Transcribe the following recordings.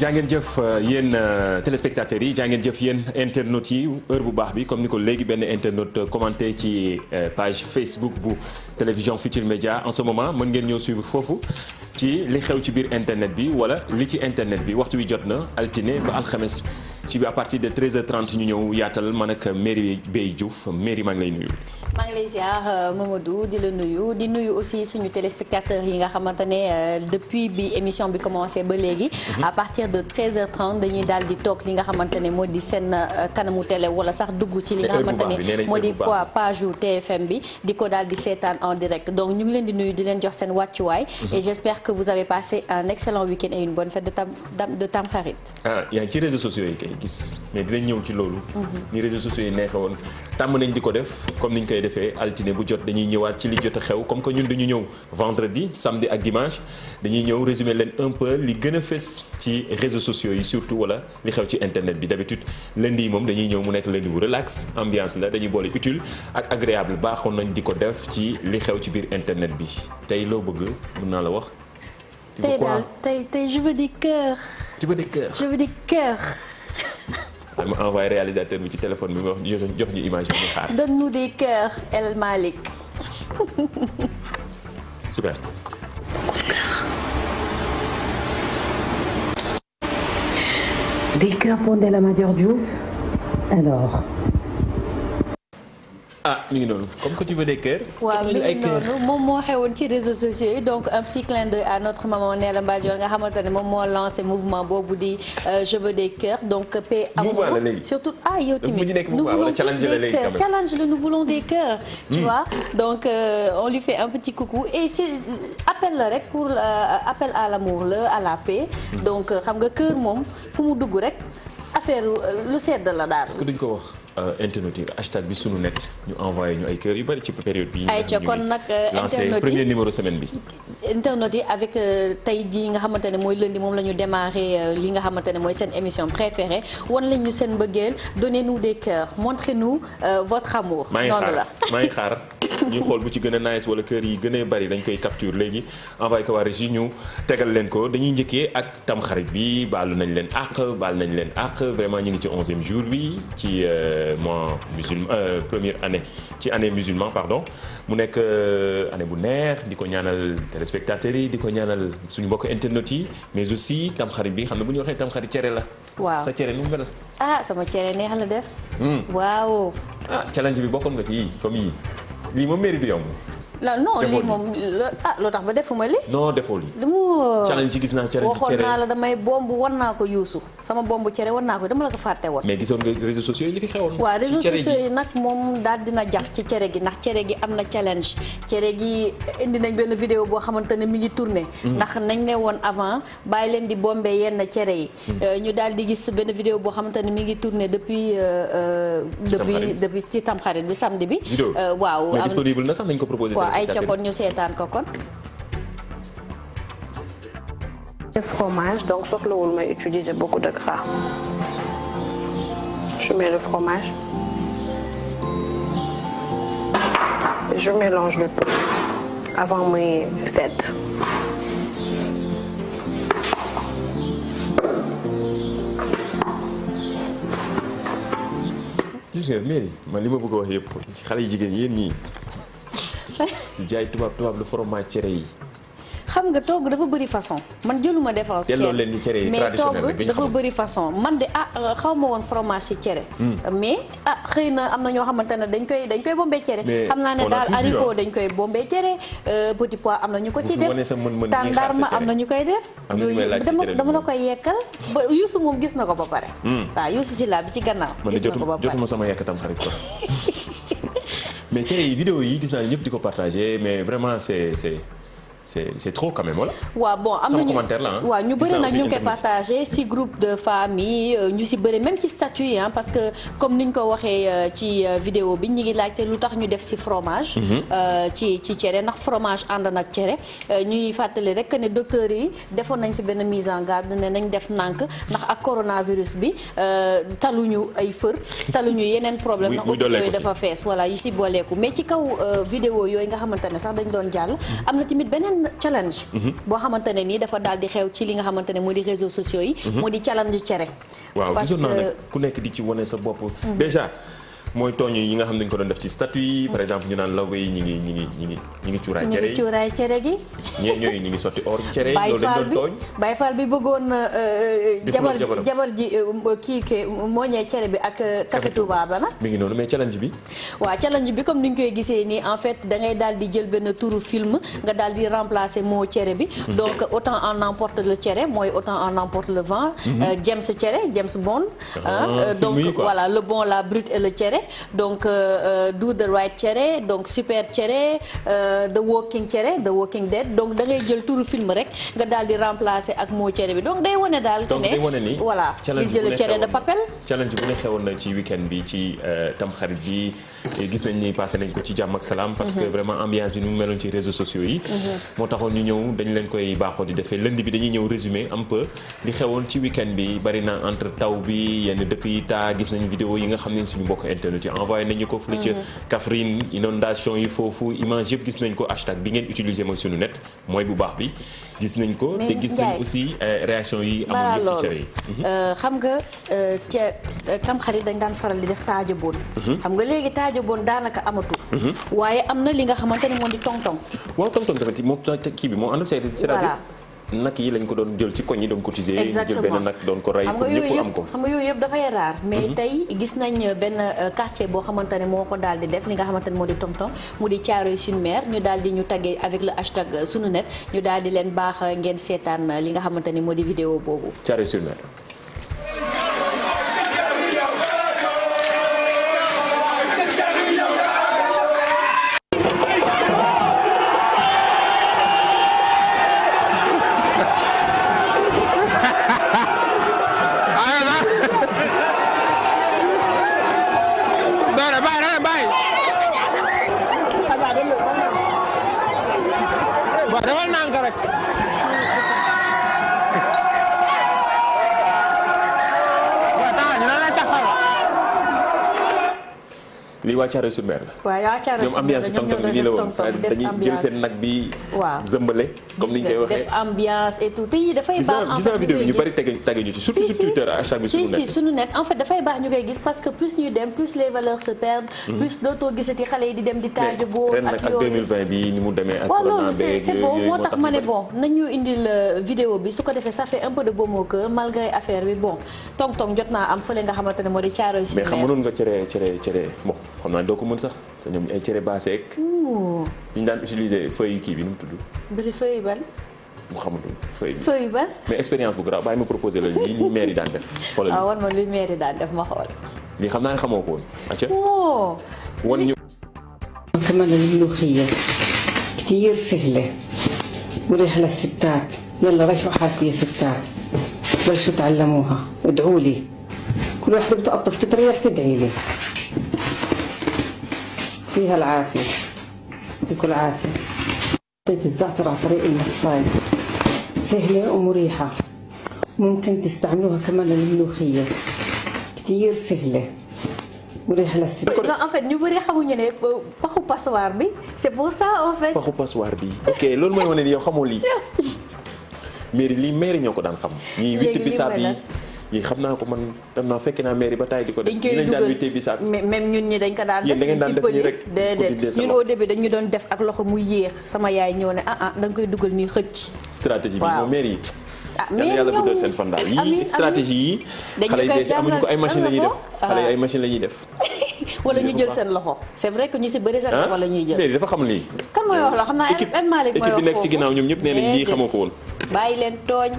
jaa ngeen jëf euh, yéen euh, téléspectateurs yi jaa ngeen jëf yéen internautes yi heure bu baax bi comme ni ko léegi benn internaute euh, commenté ci page Facebook bu télévision Futur Média en ce moment mën ngeen ñëw suivre foofu. ci li xew ci biir internet bi wala li ci internet bi waxtu wi jot na altine ba alxames ci bi à partir de 13 h ñu ñëw yaatal man ak Merry Beye Diouf Merry maa ngi lay nuyu. maa ngi lay ziar euh, Mamadou di la nuyu di nuyu aussi suñu téléspectateurs yi nga xamante ne euh, depuis bi émission bi commencé ba léegi. Mhm. à partir de 13 h dañuy daal di toog li nga xamante ne moo di seen euh, kanamu télé wala sax dugg ci li nga xamante moo di quoi page yu TFM bi di ko daal di seetaan en direct donc ñu leen di nuyu di leen jox seen wàccuwaay mhm. et que vous avez passé un excellent week-end et une bonne fête de tam de Tamxarit. Ah, yaa ngi ci réseaux sociaux yi kay gis mais dinañ ñëw ci loolu. Mhm. ni réseaux sociaux yi neexee woon tàmm nañ di ko def comme ni ñu koy defee altine bu jot dañuy ñëwaat ci li jot a xew comme que ñun dañu ñëw vendredi samedi ak dimanche dañuy ñëw résumer leen un li gën a fës ci réseaux sociaux yi surtout wala li xew ci internet bi d'habitude lundi yi moom dañuy ñëw mu nekk lundi bu relax ambiance la dañuy boole utile ak agréable baaxoon nañ di ko def ci li xew ci biir internet bi tey loo bëgg mën naa la wax. tey daal tey tey je veux des cœurs. tu veux des cœurs je veux des cœurs. dama envoyé réalisateur bi ci téléphone bi ma wax jox ñu image bi ñu xaar. donne-nous des cœurs El Malick. super. des cœurs pour Ndella Madior Diouf alors ah mi ngi noonu comme que tu veux des cœurs. waaw mi ngi noonu moom moo xewoon ci réseaux sociaux yi donc un petit clin d'œil à notre maman Ndella Madior nga xamante ne moom moo lancé mouvement boobu di euh, je veux des cœurs donc. Euh, paix amour surtout ah yow tamit. nous voulons challenge la léegi challenge la nous voulons des cœurs. tu hmm. vois donc euh, on lui fait un petit coucou et c'est appel la rek pour appel à l'amour la à la paix. Hmm. donc xam nga cœur moom fu mu dugg rek affaire lu sedd la daal. est-ce que duñ ko wax. Euh, internet yi hashtag bi sunu net ñu envoyé ñu ay kër yu bari ci période bi ay ca nag euh, internet premier numéro semaine bi internet yi avec euh, tey jii nga xamante ne mooy lundi moom la ñu li nga xamante ne mooy seen émission préférée wan lañ ñu seen mbëggeel donnez-nous des cœurs montrez-nous votre amour noonu la maa ngi xaar ñu xool bu ci gën a nice wala kër yi gën a bari dañ koy capture léegi envoyé ko waa régie ñu tegal leen ko dañuy njëkkee ak tamxarit bi baalu nañ leen àq baal nañ leen àq vraiment ñu ngi ci onzième jour bi ci euh, mois musulman euh, première année ci année musulman pardon mu nekk euh, année bu neex di ko ñaanal téléspectateurs yi di ko ñaanal suñu mbokk internet yi mais aussi tamxarit bi xam ne bu ñu waxee tamxarit cere la. waaw sa cere nu mu mel. ah sama cere neex la def. Hmm. waaw. ah challenge bi bokkoon nga ci yii comme lii moom mairie du la non lii moom ah loo tax ba defuma li non defoo lii. du mu challenge gis naa ci gis naa la damay bomb wan naa ko Youssou sama bomb cere wan naa ko dama la ko woon. mais gisoon moom daal dina jax ci cere gi ndax cere gi am na challenge cere gi indi nañ benn vidéo boo xamante ne mi ngi tourné. Mhm. ndax nañ ne woon avant bàyyi leen di bombee yenn cere yi. Mhm. Euh, ñu daal di gis benn vidéo boo xamante ne mi ngi tourné depuis. Euh, euh, depuis depuis ci tamxarit bi samedi bi. waaw mais disponible na sax nañ ko proposé. ay ca kon ñu seetaan ko kon. def fromage donc soxlawul may utiliser beaucoup de gras je mets le fromage je mélange le tout avant muy sedd. gis nga Merry man li ma bëgg a wax yëpp xale yu jigéen yéen ñii. jaay tubaab tubaab lu fromage cere yi. xam nga togg dafa bari façon man jëluma yi cere défense kenn mais togg dafa bëri façon man de ah euh, xaw ma woon fromage ci cere hmm. mais ah xëy na am na ñoo xamante ne dañ koy dañ koy bombe cere xam naa ne daal dañ koy bombe cere euh, petit pois am na ñu ko ci def tàndarma am na ñu koy def dama dama la koy yekkal ba moom gis na ko ba pare hmm. waaw Youssou si laa bi ci gannaaw gis na ko ba pare jotuma sama yekk tam xarit ko mais cere yi vidéo yi gis naa ñëpp di ko partagé mais vraiment c'est c'est c'est c'est trop quand même voilà. waaw bon am nañu commentaire la ñu bëri nag ñu ngi koy partagé si groupe de famille euh, ñu si bëri même ci statut parce que comme ni ñu ko waxee euh, ci euh, vidéo bi ñu ngi laajte lu tax ñu def si fromage. Mm-hmm. ci ci cere ndax fromage ànd nag cere ñuy fàttali rek ne docteur yi defoon nañ fi benn mise en garde ne nañ def nànk ndax ak coronavirus bi taluñu ay fër taluñu yeneen problème na hôpitaux yooyu dafa fees voilà yi si booleeku mais ci kaw vidéo yooyu nga xamante ne sax dañ doon jàll mm-hmm. benn challenge. Mhm. boo xamante ne nii dafa daal di xew ci li nga xamante ne moo di réseaux sociaux yi. Mhm. moo di challenge cere. waaw gisoon naa ne ku nekk di ci wane sa bopp mhm. déjà. mooy tooñ yi nga xam ne dañu ko doon def ci statut yi par exemple ñu naan law yi ñi ngi ñi ngi ñi ngi ñi ngi cuuraay cere yi cuuraay cere gi ñee ñooyu ñi ngi sotti or cere yi loolu dañ bi bëggoon euh, euh, jabar jabar ji euh, kii ke moo ñee cere bi ak café Touba ba nag mi ngi noonu mais challenge bi waaw challenge bi comme ni ñu koy gisee nii en fait da ngay daal di jël benn turu film nga daal di remplacer moo cere bi mm-hmm. donc autant en emporte le cere mooy autant en emporte le vent mm-hmm. James cere James Bond ah, donc voilà le bon la brute le cere cere donc euh, euh, do the right cere donc super cere euh, the walking cere donc da ngay jël turu film rek nga daal di remplacer ak moo cere bi donc day wane daal. donc day wane ni voilà ñu cere de papel. challenge bu ne xewoon na ci weekend bi ci tamxarit bi gis nañ ni nañ ko ci jàmm ak salaam. parce que mhm. vraiment ambiance bi ni mu meloon ci réseaux sociaux yi. Mhm. moo taxoon ñu ñëw dañ leen koy baaxoo di defee lundi bi dañuy ñëw résumé un peu li xewoon ci weekend bi internet yi envoyé nañu ko fële ca mhm. Kaffrine inondation yi foofu image yëpp gis nañ ko hashtag bi ngeen utiliser mooy sunu net mooy bu baax bi gis nañ ko te gis nañ aussi euh, réaction yi am yëpp ci cere mhm. euh, xam nga euh, cee tamxarit dañ daan faral di def taajaboon mhm. xam nga léegi taajaboon daanaka amatu waaye am na li nga xamante ne moom di tong tong waaw tong tong tamit moom kii bi moom na ak c'est-à-dire nak yi lañ ko doon jël ci koñ yi doon cotiser. exactement jël benn nag doon ko rey. pour ñëpp ko xam nga yooyu yëpp dafay raar. Mhm. mais tey gis nañ euh, benn euh, quartier boo xamante ne moo ko daal di def li nga xamante ne moo di tonton mu di Thiaroye sur Mer ñu daal di ñu taggee avec le hashtag euh, sunu net ñu daal di leen baax ngeen seetaan li nga xamante ne moo di vidéo boobu. Thiaroye sur Mer. lii waa Thiaroye sur la. waa Thiaroye sur Mer la tong tong jot naa am fële nga xamante ne moo di Thiaroye sur mais xam nga nga cere cere cere bon xam naa doo ko mën sax te ñoom ay cere baase ak. ñu daan utiliser feuille kii bi nu mu tudd. bëri feuille ban. mu xamatul feuille bi feuille ban. mais expérience bu garaaw bàyyi ma proposé la lii lii maire yi daan def. xoolal waaw ah, wan ma lii maire yi daan def ma xool. lii xam naa ne xamoo ko woon. acca wan ñu. كمان الملوخية كتير سهلة وريحة للستات يلا ريحوا حالكم يا ستات بلشوا تعلموها ادعوا لي كل واحدة بتقطف تتريح تدعي لي فيها العافية يعطيكم العافية حطيت الزعتر على طريق المصاية سهلة ومريحة ممكن تستعملوها كمان للملوخية كتير سهلة مريحة للست Non, en fait, ñu bëri xamuñu ne paxu passoire bi c'est pour ça en fait. paxu passoire bi ok loolu mooy wane ni yow xamoo lii. mairie lii mairie ñoo ko daan xam. ñii witti bisaab yi yi xam naa ko man tam naa fekke naa mairie ba tay di ko def dinañ da ngeen daan def nii rek déedéet ñun au début dañu doon ah, ah, koy dugal nii xëcc stratégie bi moom mairie yi ah mais yàlla guddal seen fan daal yii stratégie yi xale ko ay machine la ñuy la ñuy def wala ñu jël seen loxo c'est mairie dafa xam lii kan mooy wax la xam naa El Malick mooy wax foofu équipe bi nekk ci ginnaaw ñoom ñëpp nee nañ lii xamoo ko woon bàyyi leen tooñ.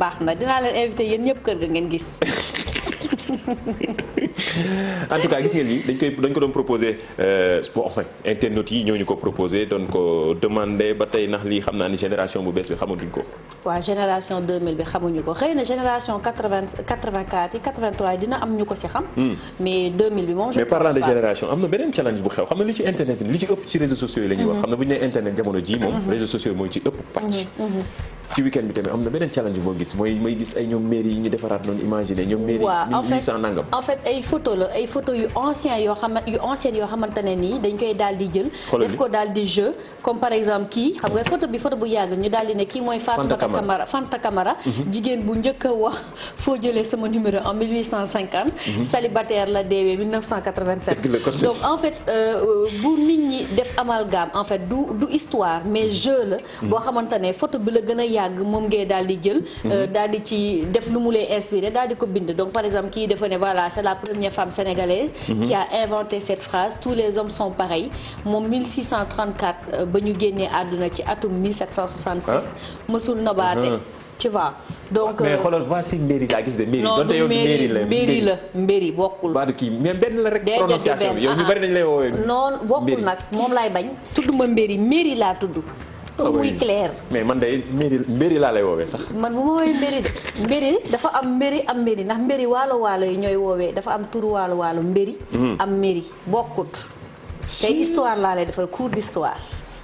baax na dinaa leen invité yéen ñëpp kër ga ngeen gis. en tout cas gis ngeen ni dañ koy dañ ko doon proposé euh, yi ñoo ñu ko proposé doon ko demandé ba tey ndax lii xam naa ni génération bu bees bi xamutuñ ko. xamuñu ko xëy na génération 80 84 yi 83 yi dina am ñu ko si xam. Hmm. mais 2000 bi moom je mais parlant am na beneen challenge bu xew xam na li ci internet bi li ci ëpp ci réseaux sociaux yi la ñuy wax. Hmm. xam na bu ñu nee internet jamono jii moom. Hmm. réseaux sociaux mooy ci weekend bi tamit am na beneen challenge boo gis mooy may gis ay ñoom mairie yi ñu defaraat noonu imaginer ñoom mairie yi 800 nangam en fait ay ñu mhm. a mhm. euh, def amalgame en fait du histoire mais mhm. jeu la boo xamante ne bi la gën a yàgg moom ngay daal di jël. Mhm. Euh, daal di ci def lu mu lay inspiré daal di ko bind donc par exemple kii dafa ne voilà c'est la première femme sénégalaise. Mhm. qui a inventé cette phrase tous les hommes sont pareils moom 1634 euh, ba ñu génnee àdduna ci atum ah. mësul nobaate. Mhm. tu vois donc. mais euh, xoolal voici mbéri laa la mbéri la mais benn la rek. prononciation bi yow ñu bari nañu lay woowee. Ah, ah. non bokkul nag moom laay bañ. tudd ma mbéri mbéri laa tudd. muy clair. mais man day mbiri mbiri laa lay woowee sax. man bu ma woowee mbiri de mbiri dafa am mbiri am mbiri ndax mbëri waalo waalo yi ñooy woowee dafa am turu waalo waalo mbiri. Hmm. am mbiri bokkut. tey histoire laa lay defal cours d'histoire.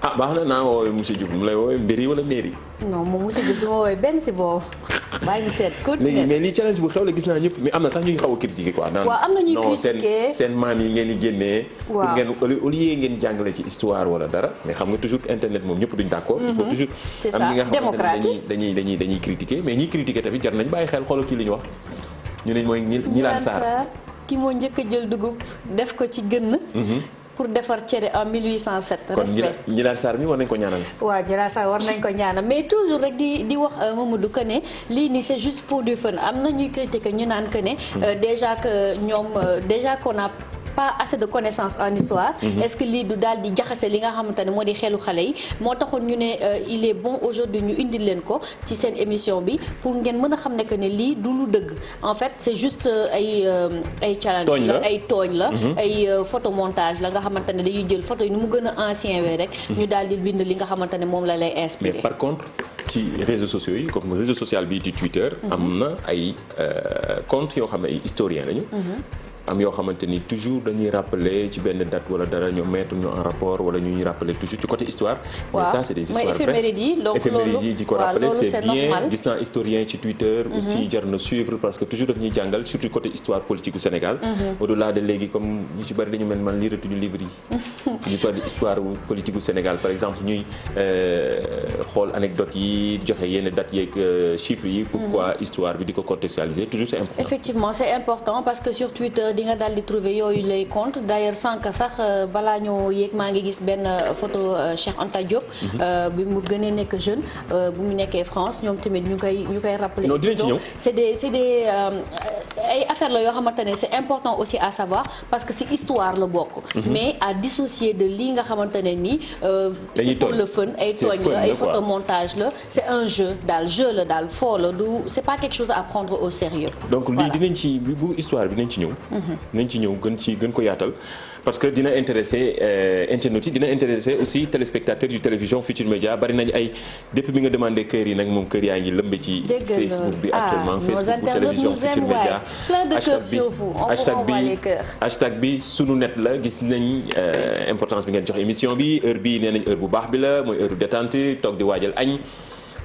ah baax na naa woowee monsieur Diouf mu lay woowee mbiri wala mairie. non moom monsieur Diouf du ma woowee benn si boobu. maa ngi seet ku léegi mais lii challenge bu xew la gis naa ñëpp mais am na sax ñu xaw a critiqué quoi. am na ñuy critiqué yi ngeen di génnee. pour ngeen au lieu ngeen jàngale ci histoire wala dara. mais xam nga toujours moom ñëpp duñ d' accord. il faut mhm. toujours am ñi nga xamante ne dañuy dañuy dañuy critiqué mais ñiy critiqué tamit jar nañ bàyyi xel xoolal kii li wax ñu ne mooy ñi laan saar ki moo njëkk a jël dugub def ko ci gën mhm. pour defar cere en 1807. respect kon Djilaar Sarr mi war nañ ko ñaanal. waaw Djilaar Sarr war nañ ko ñaana mais toujours rek di di wax euh, Mamadou que ne lii nii c'est juste pour du fun am na ñuy critiquer ñu naan que ne. Hmm. Euh, déjà que ñoom euh, déjà qu'on a. pas assez de connaissances en histoire. Mhm. est-ce que lii du daal di jaxase li nga xamante ne moo di xelu xale yi moo taxoon ñu ne euh, il est bon aujourd'hui ñu indi leen ko ci seen émission bi pour ngeen mën a xam ne que ne lii du lu dëgg en fait c'est juste euh, ay euh, ay challenge la ay tooñ la mhm. ay photomontage la nga xamante ne dañuy jël photo yi nu mu gën a ancien wee rek mhm. ñu daal di bind li nga xamante ne moom la lay inspiré mais par contre ci réseaux sociaux yi comme réseau social bi di Twitter am na ay compte yoo xam ne ay historien lañu am yoo xamante ni toujours dañuy rappeler ci benn date wala dara ñu mettre ñu en rapport wala ñu ñuy rappeler toujours ci côté histoire. mais ci mhm. surtout mhm. comme ñu ci bari dañu mel man lii retuñu livre yi. ñu bari histoire politique gu Sénégal par exemple ñuy euh, xool anecdote yi joxe yenn dates yeeg euh, chiffres yi. pour mhm. pourquoi histoire bi di ko contextualiser toujours c'est important. c'est important parce que sur Twitter. di nga daal di trouver yooyu lay compte d'ailleurs sànq sax euh, bala ñoo yéeg maa ngi gis benn euh, photo euh, Cheikh Anta Diop. Mhm. bi mu gënee nekk jeune bu mu nekkee France ñoom tamit ñu koy ñu koy rappeler. non dinañ ci ñëw c'est des c'est des. ay affaire la yoo xamante ne c'est important aussi à savoir parce que si histoire la bokk. Mhm. mais à dissocier de lii nga xamante ne nii. Euh, c'est pour le fun ay tooñ la ay photomontage la c'est un jeu daal jeu la daal foo la du c'est pas quelque chose à prendre au sérieux donc lii dinañ ci bu histoire bi nañ ci ñëw. Mhm. dinañ ci ñëw gën ci gën ko yaatal parce que dina intéresser euh, internautes yi dina intéresser aussi téléspectateurs yu télévision Futurs Médias bari nañ ay depuis bi nga demandé kër yi nag moom kër yaa ngi lëmbe ci. Ah, télévision Futurs Médias plein de cœurs sur vous on hashtag bi sunu net la gis nañ euh, importance bi ngeen jox émission bi heure bi nee nañ heure bu baax bi la mooy heure bu détente toog di waajal añ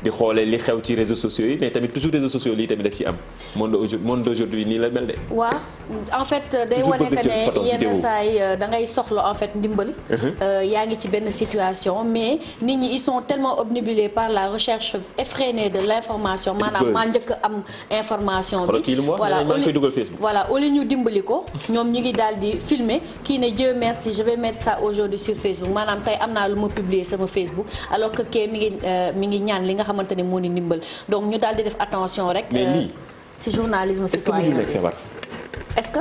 di xoolee li xew ci réseaux sociaux yi mais tamit toujours réseaux sociaux lii tamit daf ci am monde aujourd'hui nii la mel de. waaw en fait euh, day wane que ne yenn saay euh, da ngay soxla en fait ndimbal. Uh-huh. Euh, yaa ngi ci benn situation mais nit ñi ils sont tellement obnubilés par la recherche effrénée de l'information. maanaam maa njëkk am information bi. voilà maa ngi koy dugal Facebook. voilà au lieu ñu dimbali ko ñoom ñu ngi daal di filmer kii ne Dieu merci je vais mettre ça aujourd'hui sur Facebook ma xamante ne moo ni ndimbal donc ñu daal di def attention rek. mais euh, lii ci journalisme citoyen est-ce que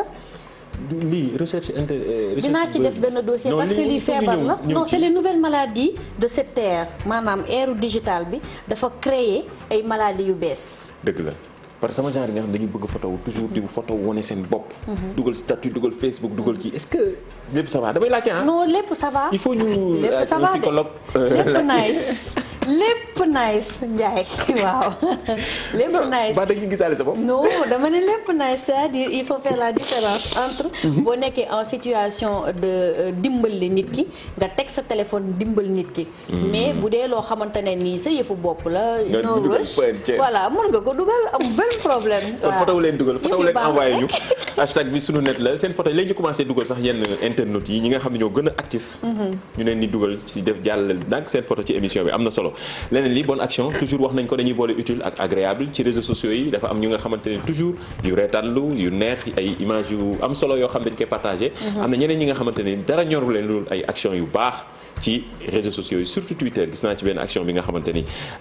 lii recherche inter euh, recherche ci def benn dossier parce que lii feebar la non c'est les nouvelles de cette ère maanaam ère digitale bi dafa créer ay maladies yu bees. dëgg la. parce que sama genre yi nga xam dañu bëgg photo toujours di photo wane seen bopp. Mhm. dugal statut dugal Facebook dugal kii est-ce que lépp ça va damay laajte ah. non lépp ça il faut euh, euh, nice lépp nice Ndiaye waaw. lépp nice ba da nga gisaale sa bopp. dama ne lépp nice cest à il faut faire la différence entre. Mhm. boo nekkee en situation de euh, dimbali nit ki nga teg sa téléphone dimbal nit ki. Mhm. mais bu dee loo xamante ne nii sa yëfu bopp la. no rush voilà mun nga amul problème kon photo leen dugal photo leen envoyé ñu hashtag bi sunu net la seen photo léegi ñu dugal sax yenn internautes yi ñi nga xam ne ñoo gën a actif mhm. ñu leen dugal ci def jàllale nag seen photo ci émission bi am na solo leneen li bonne action toujours wax nañ ko dañuy boole utile ak agréable ci réseaux sociaux yi dafa am ñu nga xamante toujours yu reetaanlu yu neex ay images yu am solo yoo xam dañ koy partagé mhm. am na ñeneen ñi nga xamante dara ñoru leen ci réseaux sociaux yi surtout Twitter gis naa ci benn action bi nga xamante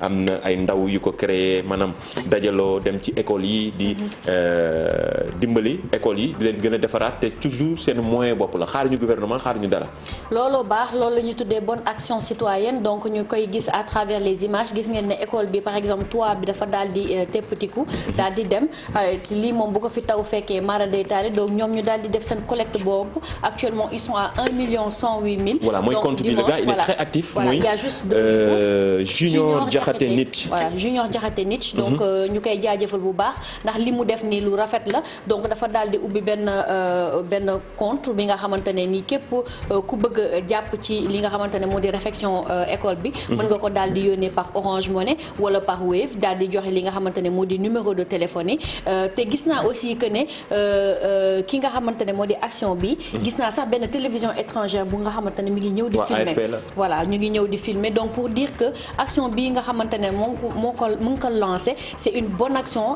am na ay ndaw yu ko créer maanaam dajaloo dem ci école yi di euh, dimbali école yi di leen gën a defaraat te toujours seen moyen bopp la xaar ñu gouvernement xaar ñu dara. loolu baax lool la ñu tuddee bonne action citoyenne donc ñu koy gis à travers les images gis ngeen ne école bi par exemple toit bi dafa daal di euh, teppatiku daal di dem euh, lii moom bu ko fi taw fekkee mara day taale donc ñoom ñu daal di def seen collecte boobu actuellement ils sont à 1 gars il voilà. est très actif. voilà muy euh, junior Diakhaté Nitch. voilà junior Diakhaté Nitch. Mhm. donc euh, ñu koy jaajafal bu baax ndax li mu def nii lu rafet la donc dafa daal di ubbi benn euh, benn compte bi nga xamante ne nii képp euh, ku bëgg a jàpp ci li nga xamante ne moo di réflexion école bi. Mhm. mën nga ko daal di yónnee par Orange Money wala par Wave daal di joxe li nga xamante ne moo di numéro de téléphone yi te gis naa aussi que ne ki nga xamante ne moo di action bi. Mhm. gis naa sax benn télévision étrangère bu nga xamante ne mi ngi ñëw di voilà ñu ngi ñëw di filmer donc pour dire que action bii nga xamante moo ko mu ngi ko lancé c'est une bonne action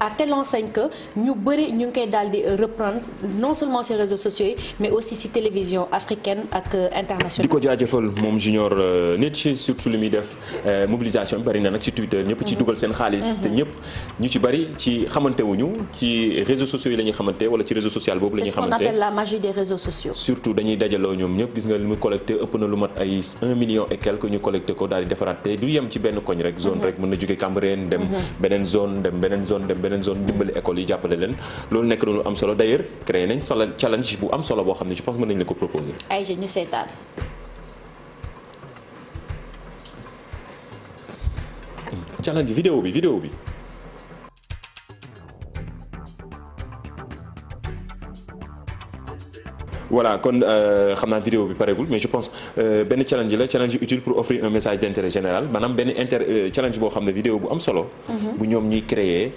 à telle enseigne que ñu bëri ñu ngi koy daal di reprendre non seulement sur réseaux sociaux yi mais aussi si télévision africaine ak internationale. di ko jaajëfal moom junior euh, nit ci surtout li muy def euh, mobilisation bi bëri na nag ci Twitter ñëpp ci mhm. dugal seen xaalis. te mhm. ñëpp ñu ci bëri ci xamante ci réseaux sociaux yi la xamante mat ay 1 million et quelque ñu collecté ko daal di defaraat te du yem ci benn koñ rek zone rek mën na jóge Cambérène dem beneen zone dem beneen zone dem beneen zone dimbali école yi jàppale leen loolu nekk lu am solo d'ailleurs créé nañ sala challenge bu am solo boo xam ne je pense mën nañ la ko proposer ay ñu seetaan challenge vidéo bi vidéo bi voilà kon euh, xam naa vidéo bi pareegul mais je pense euh, benn challenge la challenge util pour offrir un message d'intérêt général maanaam benn inter euh, challenge boo xam ne vidéo bu am solo. Mhm. bu ñoom ñuy créer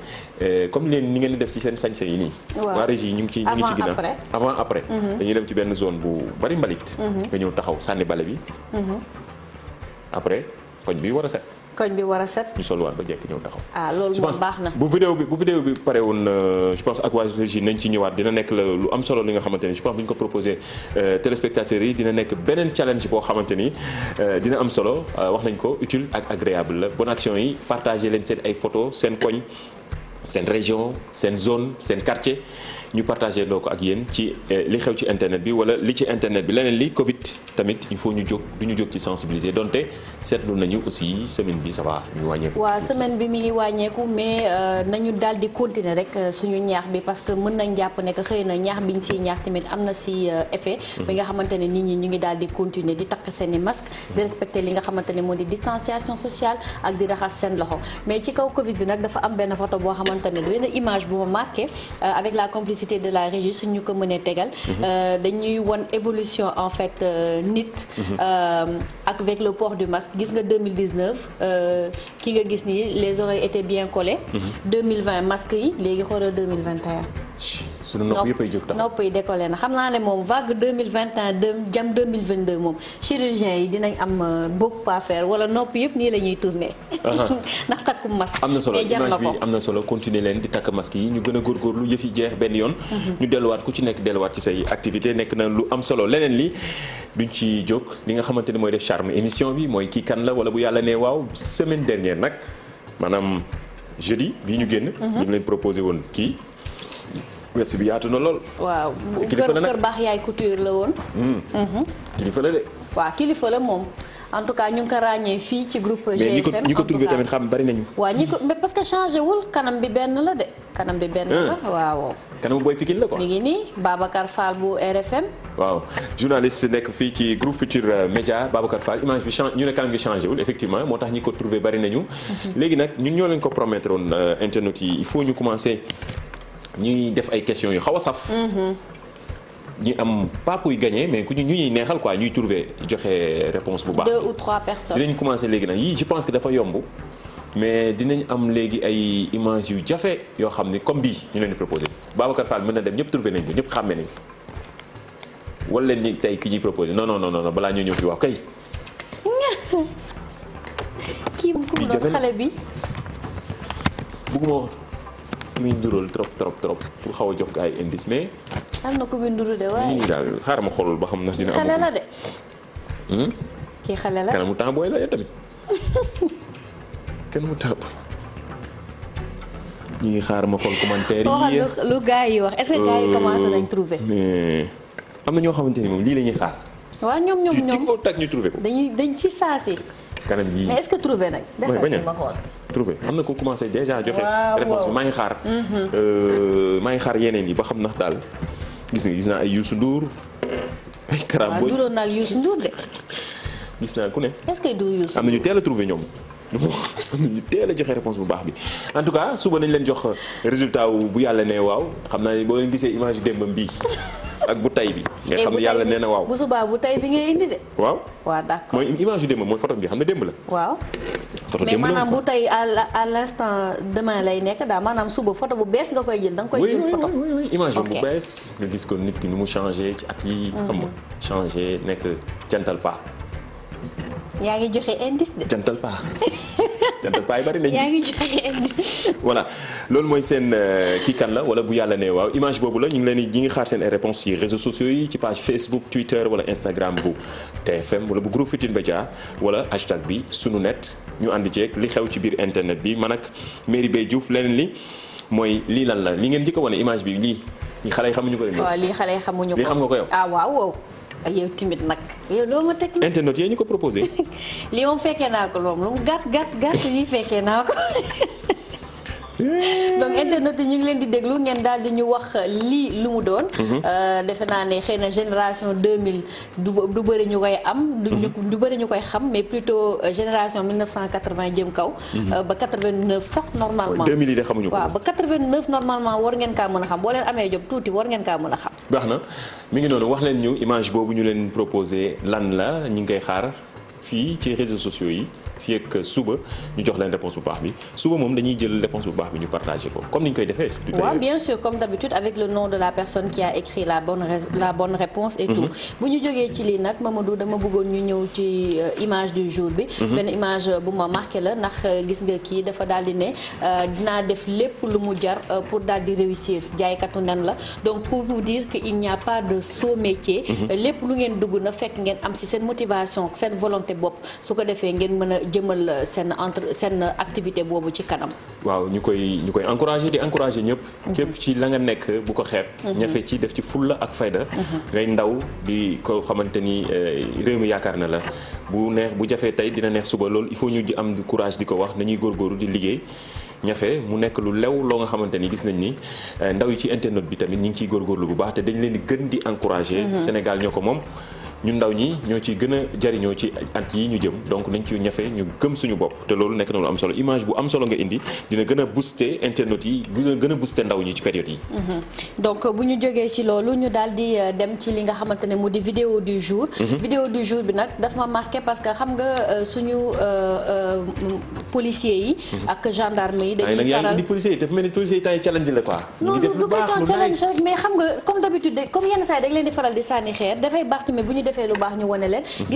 comme leen ni ngeen di def ci seen sañse yi nii. waa régie yi ñu ngi ci ñu ngi ci ginnaaw avant après. Mhm. dañuy dem ci benn zone bu bari mbalit. Mhm. nga ñëw taxaw sànni bale bi. après koñ bi war a set. koñ bi war a set. ñu solwaat ba jekk ñëw taxaw. ah loolu moom baax na bu vidéo bi bu vidéo bi pare woon euh, je pense ak waa régie nañ ci ñëwaat dina nekk la lu am solo li nga xamante ni je pense bu ñu ko proposé euh, téléspectateurs yi dina nekk beneen challenge boo xamante ni euh, dina am solo wax nañ ko utile ak agréable la bonne action yi partagé leen seen ay photos seen koñ seen région seen zone seen quartier. ñu partagé loo ko ak yéen ci eh, li xew ci internet bi wala li ci internet bi leneen li Covid tamit il faut ñu jóg du ñu jóg ci sensibiliser donte seetlu nañu aussi semaine bi ça va ñu wàññeeku. waaw bi mi ngi wàññeeku mais euh, nañu daal di continuer rek euh, suñu ñaax bi parce que mën nañ jàpp ne que xëy na ñaax bi ñu si ñaax tamit am na si euh, effet. Mhm. bi nga xamante ne nit ñi ñu ngi daal di continuer di takk seeni i masque di mhm. respecter li nga xamante ne moo di distanciation sociale ak di raxas seen loxo mais ci kaw Covid bi nag dafa am benn photo boo xamante ne benn image bu ma technicité de la régie suñu ko mënee tegal. Mhm. Euh, dañuy won évolution en fait euh, nit. Mhm. Euh, ak avec le port du masque gis nga 2019 ki nga gis nii les oreilles étaient bien collées. 2020 mhm. masque yi léegi xoolal 2021. suñu nopp yëpp ay jóg taxaw nopp yi décollé na xam naa ne moom vague 2021 deux jam 2022 moom chirurgien yi dinañ am euh, beaucoup à faire wala nopp yëpp nii la ñuy tourné ndax takku masque am na solo image bi am na solo continuer leen di takk mask yi ñu gën a góorgóorlu yëf yi jeex benn yoon mhm. ñu delluwaat ku ci nekk delluwaat ci say activité nekk na lu am solo leneen li duñ ci jóg li nga xamante ni mooy def charme émission bi mooy kii kan la wala bu yàlla nee waaw semaine dernière nag maanaam jeudi bii ñu génn mhm. ñu leen proposé woon kii west bi yaatu na lool. waaw kilifa la nag yaay couture la woon. Hmm. Mhm. kilifa la de. waaw kilifa la moom en tout cas ñu ngi ko ràññee fii ci groupe. GFM mais ñi ko bari nañu. waaw ñi que changé wul bi benn la de. kanam bi benn la ah. waaw. kanamu booy Pikine la quoi. mi ngi nii Babacar Fall bu RFM. waaw journaliste nekk fii ci groupe Futur euh, Média Babacar ñu ne kanam gi changé wul effectivement moo tax ñi ko trouvé bari nañu. Mhm. léegi nag ñun ñoo leen ko promettre woon euh, internet yi il ñu commencer. ñuy def ay questions yu xaw a saf. Mhm. ñu am pas kuy gagné mais ku ñu ñuy neexal quoi ñuy trouver joxe réponse bu baax. deux ou trois personnes dinañ commencé léegi nag yii je pense que dafa yomb. mais dinañ am léegi ay images yu jafe yoo xam ni comme bii ñu leen di proposé Babacar Fall mën na dem ñëpp trouvé nañ ko ñëpp xàmme nañ ko wala leen ni tey ki ñuy proposé non non non non balaa ñoo ñëw fi waaw kay. kii mu xale bi ku muy ndural trop trop trop pour xaw a jox ko ay indice mais. am na ku muy nduru de waaye. daal xaaral ma xoolul ba xam na dina am. Hmm? ngi xaar ma xool commentaire yi lu yi wax est-ce euh, na ñoo xamante ni moom lii la ñuy xaar. waaw ñoom ñoom ñoom dañ ci saasi. kanam yi mais est-ce que trouvé nag. bañ ma xool am na ko commencé déjà joxe. maa ngi xaar. Mhm. Euh, maa ngi xaar yeneen yi ba xam ndax daal gis nga gis naa ay Youssou Ndour. ay Karam Boy waaw duroon naa de. gis naa ku ne. est-ce que du am na ñu teel a trouvé ñoom. ñu teel a joxe réponse bu baax bi en tout cas suba nañ leen jox résultat wu bu yàlla nee waaw xam naa ne boo leen gisee image démbam bii ak bu tay bi nga xam ne yàlla nee na waaw bu subaa bu tay ngay indi de waaw waa d'accord mooy image yu démb mooy photo bi xam ne démb la waaw photo démb la mais maanaam bu tay à l'instant demain lay nekk daal maanaam suba photo bu bees nga koy jël da nga koy jël photo image bu bees nga gis kon nit ki nu mu changé ci at yi am nga mhm. changé nekk jantal pas yaa ngi joxe indice de. jantal paa jantal paa yi bari nañu. yaa loolu mooy seen euh, kii kan la wala bu yàlla nee waaw image boobu la ñu ngi leen di ñu ngi xaar seen réponse ci réseaux sociaux yi ci page Facebook Twitter wala Instagram bu TFM wala bu groupe Futurs Médias wala hashtag bi sunu net ñu ànd ceeg li xew ci biir internet bi man ak Merry Beye Diouf leneen li mooy lii lan la li ngeen njëkk a wane image bi lii xale yi xamuñu ko. waaw lii xale yi xamuñu ko lii xam nga ko yow. ah waaw. yow timit nag yow doo ma teg. internet yee ñu ko proposé. lii moom fekkee naa ko loolu moom gàtt gàtt gàtt lii fekkee naa ko. donc internet yi ñu ngi leen di déglu ngeen daal di ñu wax lii lu mu doon. Mhm. Euh, defe naa ne xëy na génération 2000 du du bëri ñu koy am. du mhm. du bëri ñu koy xam mais plutôt euh, génération 1980 jëm kaw. Mhm. Euh, ba sax normalement. 2000 yi de xamuñu ko waaw ba normalement war ngeen kaa mën a xam boo leen amee job tuuti war ngeen kaa mën a xam. baax na mu ngi noonu wax leen ñu image boobu ñu leen proposé lan la ñu ngi koy xaar fii ci réseau sociaux yi fii ak suba ñu jox leen réponse bu baax bi suba moom dañuy jël réponse bu baax bi ñu partagé ko comme ni ñu koy defee. waaw bien sûr de la personne qui a écrit la mhm. ñu jógee ci lii nag Mamadou dama bëggoon ñu ñëw ci euh, image du jour bi. Mhm. benn image bu ma marqué la ndax euh, gis nga kii dafa daal di ne euh, dinaa def lépp lu mu jar pour daal réussir jaaykatu nen la donc pour vous dire que il n'y a pas de sot métier. Mhm. lépp lu ngeen dugg na fekk ngeen am ci seen motivation seen volonté bopp su ko defee ngeen jëmal seen entre seen activité boobu ci kanam. waaw ñu koy ñu koy encouragé di encouragé ñëpp. Mhm. képp ci la nga nekk bu ko xeet mhm. ñafe ci def ci fulla ak fayda. Mhm. ngay ndaw di ko xamante ni eh, réew mi yaakaar na la bu neex bu jafee tey dina neex suba loolu il faut ñu am courage di ko wax nañuy góorgóorlu di liggéey. ñafe mu nekk lu lew loo nga xamante ni gis nañ ni eh, ndaw yi ci internet bi tamit ñi ngi ciy góorgóorlu bu baax te dañu leen di gën di encourager Sénégal ñoo ko moom ñun ndaw ñi ñoo ciy gën a jariñoo ci at yi ñu jëm donc nañ ci ñafe ñu gëm nekk na am solo image bu am solo nga indi dina gën a booster internet yi gën a booster ndaw ñi ci période yi. Mm-hmm. donc bu ñu jógee ci loolu ñu daal euh, dem ci li nga xamante ne mu di vidéo du jour. Mm-hmm. vidéo du jour bi nag daf ma marqué parce que xam nga euh, suñu euh, policiers yi. Mm-hmm. ak gendarme yi dañuy faral di policiers yi dafa mel ni policiers yi temps yi challenge la quoi. ñu ngi def lu mais xam nga comme defee lu baax ñu mhm. di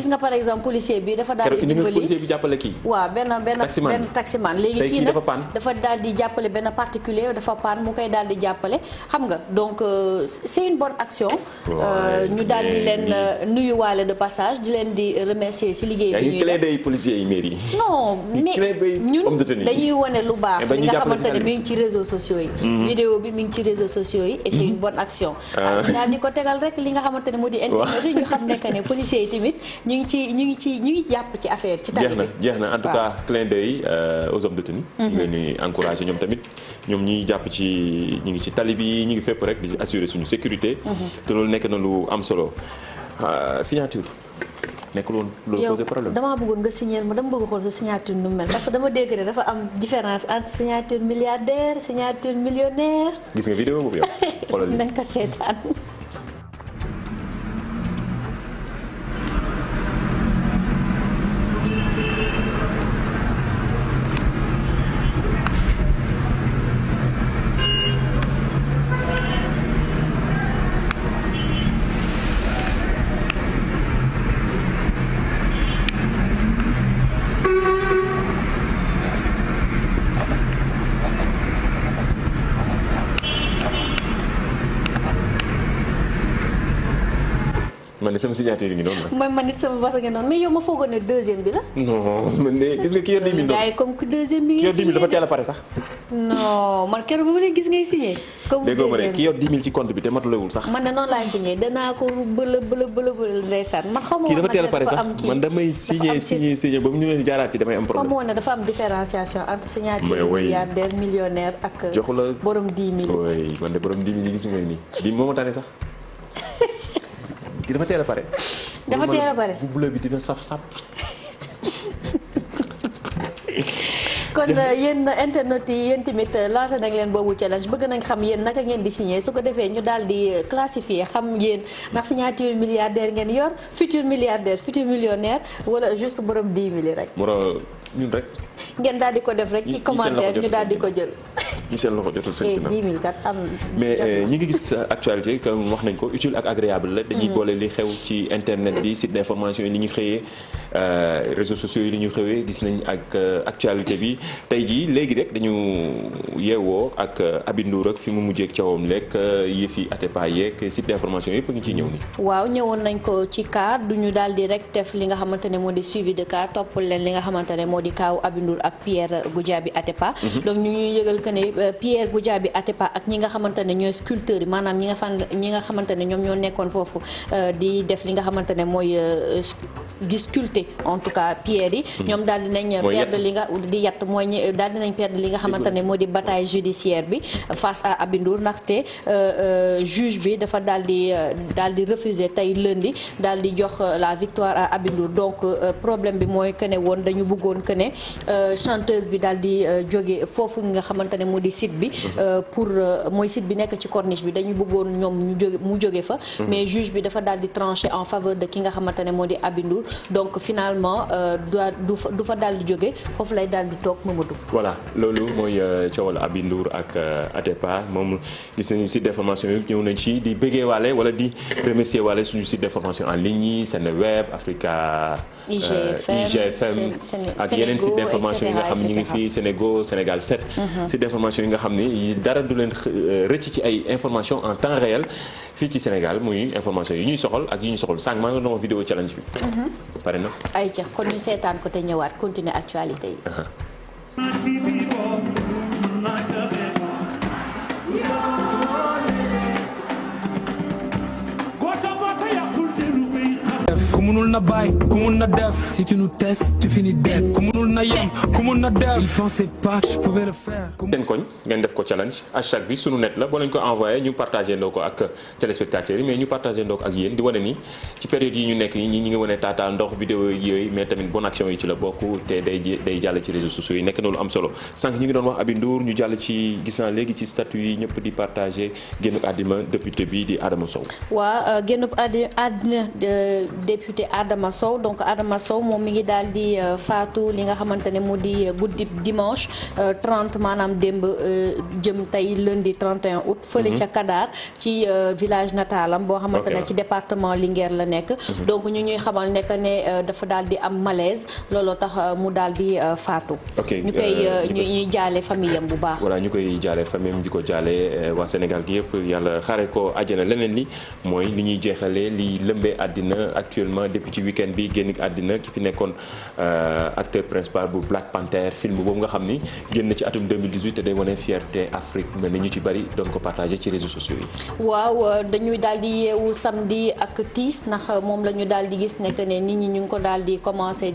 dimbali policier bi jàppale kii waaw benn benn benn taximan léegi di jàppale benn xam nga donc euh, c'est une bonne action euh, ñu daal di leen euh, nuyuwaale de passage di leen di remercier si liggéey bi ñuy def policier yi mairie yi non mais ñun dañuy wane lu baax li nga xamante ne mi ngi ci réseaux sociaux yi mhm. vidéo bi mu ngi ci réseaux sociaux yi et c'est mhm. une bonne action ah. daal di ko tegal rek li nga xamante ne di internet yi ñu xam nekk que ne policiers yi tamit ñu ngi ci ñu ngi ci ñu ngi jàpp ci affaire ci tali jeex na jeex na en tout cas clin d'œil euh, aux hommes de tenue. ñu mhm. leen di encouragé ñoom tamit ñoom ñiy jàpp ci ñu ngi ci tali bi ñu ngi fépp rek di assurer suñu sécurité. Mhm. te loolu nekk na lu am solo euh, signature. nekkul woon loolu posé problème yow damaa bëggoon nga signer ma dama bëgg a xool sa signature nu mel parce que dama dégg ne dafa am différence entre signature milliardaire signature millionnaire. gis nga vidéo boobu yow. xoolal na nga de sama signature yi ngi noonu la. man man it sama basa ngi noonu mais yow ma foogoon ne deuxième bi man de gis nga a pare sax. te matulawul sax. man de noonu laay signé danaa ko bëla bëla bëla bëla ndeysaan man xaw ma woon nag am kii man damay signé signé ba mu ñu leen jaaraat ci damay am problème. xaw ne dafa am différenciation entre signature milliardaire millionnaire ak. joxu la borom 10 000. oui man de borom 10 000 yi gis nga nii di moo ma tane sax ki dafa teel a pare. dafa teel a pare bu bleu bi dina saf sap. kon euh, yéen internet yi yéen tamit euh, lancé nañ leen boobu challenge bëgg nañ xam yéen naka ngeen di signé su ko defee ñu daal di euh, classifier xam yéen ndax signature milliardaire ngeen yor futur milliardaire futur millionaire wala juste borom 10 mille rek. moro ñun rek. ngeen daal di ko def rek. ci commentaire ñu daal di ko jël. ñi seen loxo jotul seen ginnaaw kat am mais euh, ñi ngi gis actualité comme wax nañ ko utile ak agréable la dañuy mm. boole li xew ci internet bi site d'information yi ni ñu xëyee Euh, réseaux sociaux yi li ñu xewee gis nañ ak euh, actualité bi tey jii léegi rek dañu yeewoo ak euh, abindour ak fi mu mujjee ak cawam lekk yi fi Atepa yeeg site d'information yëpp ngi ci ñëw ni waaw ñëwoon nañ ko ci cas du ñu daal di rek def li nga xamante ne moo di suivi de cas toppal leen li nga xamante ne moo di kaaw abindour ak Pierre Goudiaby Atepa mhm. donc ñu ñuy yëgal que ne Pierre ate Atepa ak ñi nga xamante ne ñooy sculpteurs yi maanaam ñi nga fan ñi nga xamante ne ñoom ñoo nekkoon foofu di def li nga xamante ne mooy yëkkati en tout cas pierre yi mm-hmm. ñoom daal dinañ perdre li nga di yatt mooy ñi daal dinañ li nga xamante ne moo di bataille judiciaire bi face a Abindour ndaxte euh, euh, juge bi dafa daal di euh, daal di refuser tey lundi daal di jox la victoire à Abindour donc problème bi mooy que ne woon dañu bëggoon que ne chanteuse bi daal di jóge foofu nga xamante ne moo di site bi mm-hmm. pour mooy site bi nekk ci corniche bi dañu bëggoon ñoom ñu jóge mu jóge fa mm-hmm. mais juge bi dafa daal di trancher en faveur de ki nga xamante ne moo di Abindour donc finalement euh, du fa daal di jóge foofu lay daal di toog Mamadou. voilà loolu mooy euh, coowal Aby Ndour ak euh, Atepa moom gis nañu site d'information yi ñëw nañ ci di bëggee waale wala di remercier waale suñu site d'information en ligne yi Seneweb Africa. IGFM ak yeneen mhm. site d'information yi nga xam ñu ngi fii Sénégo Sénégal 7. site d'information yi nga xam ni dara du leen rëcc ci ay information en temps réel fii ci senegal muy information yi ñuy soxal ak yi ñu soxal sànq maa ngi doon wax vidéo challenge bi. Mhm. ay ca kon ñu seetaan ko te ñëwaat continuer actualité yi munul na bàyyi ku mun na def si tu nous testes tu finis dead ku munul na yem ku mun na def il pensait pas que je pouvais le faire. seen koñ ngeen def ko challenge hashtag bi sunu net la boo leen ko envoyé ñu partagé ndoo ko ak téléspectateurs yi mais ñu partagé ndoo ko ak yéen di wane ni ci période yi ñu nekk nii ñi ngi wane taataa ndox vidéo yooyu mais tamit bonne action yi ci la bokk te day day jàll ci réseaux sociaux yi nekk na lu am solo sànq ñu ngi doon wax Aby Ndour ñu jàll ci gis naa léegi ci statut yi ñëpp di partagé génn àddina député bi di Adama Sow. waaw euh, génn àddina euh, député. député Adama Sow donc Adama Sow moom mi ngi daal di euh, faatu li nga xamante ne mu di euh, guddi dimanche 30 euh, maanaam démb jëm tey lundi 31 août. fële mhm. ca Kadar ci village nataalam boo xamante ne ci département ngeen la nekk. Mhm. donc ñu ñuy xamal nekk ne dafa daal di am malaise looloo tax mu daal di faatu. ñu koy ñu ñuy jaale famille bu baax. voilà ñu koy jaale famille am di ko jaale waa Sénégal gi yëpp yàlla xaare ko àjjana leneen li mooy li ñuy jeexalee li lëmbee àddina actuellement. malheureusement depuis ci week-end bi génn àddina ki fi nekkoon euh, acteur principal bu Black Panther film boobu nga xam ni génn ci atum 2018 te day wane fierté Afrique mel ni ñu ci bari doon ko partagé ci réseaux sociaux yi. waaw euh, dañuy daal yeewu samedi ak tiis ndax euh, moom la ñu gis nekk ne nit ñi ñu ngi ko daal di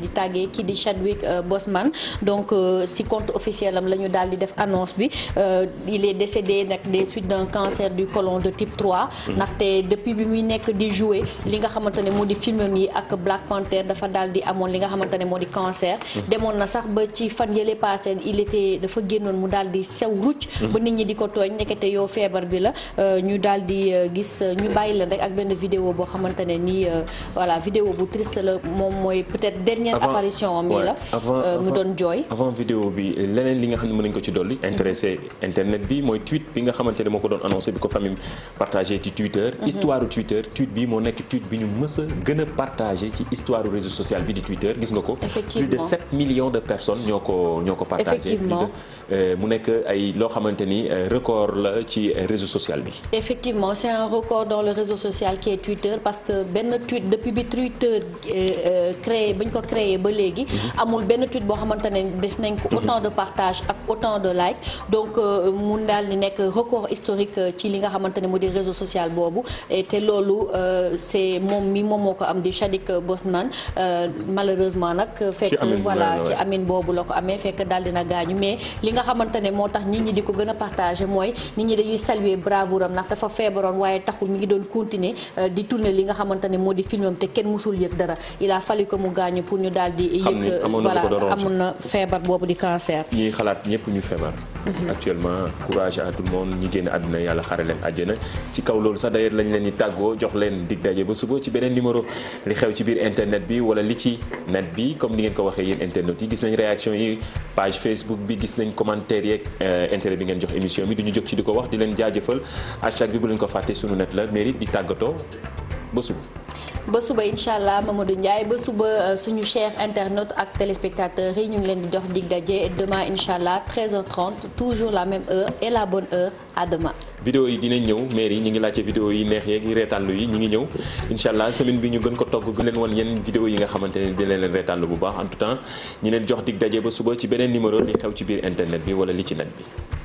di tàggee kii di Chadwick Boseman donc si compte officiel am la def annonce bi il est décédé nag des suites d'un cancer du côlon de type 3. yi ak Black Panther dafa daal di amoon li nga xamante moo di cancer. demoon na sax ba ci fan yële passé il était dafa génnoon mu daal di sew rucc. ba nit ñi di ko tooñ nekkete yow feebar bi la euh, ñu daal di euh, gis euh, ñu bàyyi leen rek ak benn vidéo boo xamante ne nii voilà bu triste la moom mooy peut-être dernière apparition am yi la mu doon jooy avant vidéo bi leneen li nga xam ne mën nañu ko ci dolli mhm. intéressé internet bi mooy tweet bi nga xamante moo ko doon annoncé bi mhm. a gën partagé ci histoire réseau social bi di Twitter gis nga ko. plus de 7 millions de personnes ñoo ko ñoo ko euh, mu nekk ay loo xamante euh, record la ci euh, réseau social bi. effectivement c'est un record dans le réseau social qui Twitter parce que benn tweet depuis bi Twitter créé ba ñu ko créé ba léegi. Mhm. amul benn tweet boo xamante def nañ ko. Mhm. autant de partage ak autant de like donc mun daal di nekk record historique ci li nga xamante ne moo di réseau social boobu te loolu c'est Chadik Bosman euh, malheureusement nag fekk voilà ci amin boobu la ko amee fekk daal dina gaañu mais li nga xamante ne moo tax nit ñi di ko gën a partagé mooy nit ñi dañuy saluer bravoure am ndax dafa feebaroon waaye taxul mi ngi doon continuer euh, di tourner li nga xamante ne moo di filmam te kenn musul yëg dara il a ko que mu gaañu pour ñu daal di yëg voilà amoon na feebar boobu di cancer ñuy xalaat ñëpp ñu feebar Mhm. actuellement courage à tout le ñi génn àdduna yàlla xare leen àjjana ci kaw loolu sax d'ailleurs lañ leen di tàggoo jox leen dig daje ba suba ci beneen numéro li xew ci biir internet bi wala li ci net bi comme ni ngeen ko waxee yéen internet yi gis nañ réaction yi page Facebook bi gis nañ commentaire yeeg euh, intérêt bi ngeen jox émission bi du ñu jóg ci di ko wax di leen jaajafal hashtag bi bu lañ ko fàtte sunu net la mérite di tàggatoo ba suba ba suba incha allah Mamadou Ndiaye ba suba euh, suñu chers internautes ak téléspectateurs yi ñu ngi leen di jox dig daje demain incha allah 13 toujours la même heure et la bonne heure à demain. yi dina ñëw maire yi ñu ngi laajte vidéo yi neex yeeg reetaanlu yi ñu ngi ñëw incha allah semaine bi ñu gën ko togg gën leen wan yenn vidéo yi nga xamante ne dina leen reetaanlu bu baax en tout temps ñu leen jox dig daje ba suba ci beneen numéro li xew ci biir internet bi wala li ci net bi.